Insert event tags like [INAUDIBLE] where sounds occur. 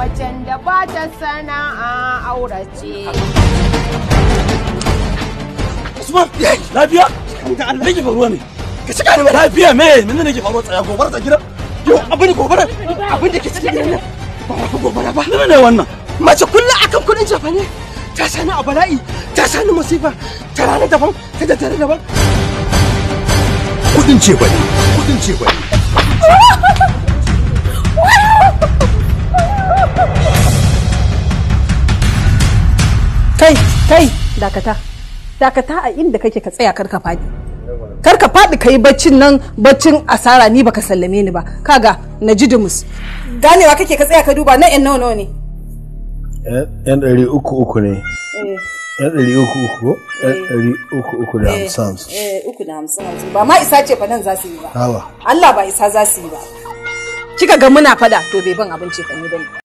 macen da ba ta sana'a ce. Usman eh, lafiya da Allah yake faruwa ne ka cika ni lafiya me menene nake faruwa tsaya gobar ta gida yo abin gobara abin da ke cikin gidan ba wata gobara ba ne wannan mace kullu akan kudin jafa ne ta sani a bala'i ta sani musifa ta rana daban ta da tare daban kudin ce bane kudin ce bane [LAUGHS] kai kai dakata dakata a inda kake ka tsaya karka fadi karka fadi kai baccin nan baccin asara ni baka sallame ni ba kaga na ji dumus ganewa kake ka tsaya ka duba na yan nawa ne yan ɗari uku uku ne yan eh. ɗari uku uku yan eh. ɗari uku uku da eh. hamsin uku da hamsin ba ma isa ce fa nan za su yi ba Allah ba isa za su yi ba kika ga muna fada to bai ban abinci kan ni bane